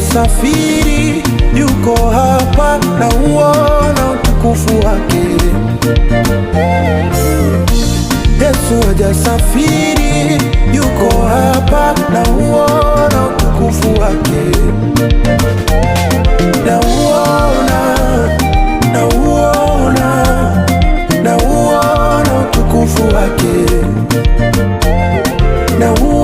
safiri yuko hapa na uona utukufu wake. Yesu hajasafiri, yuko hapa na uona utukufu wake, na uona, na uona, na uona utukufu wake, na uona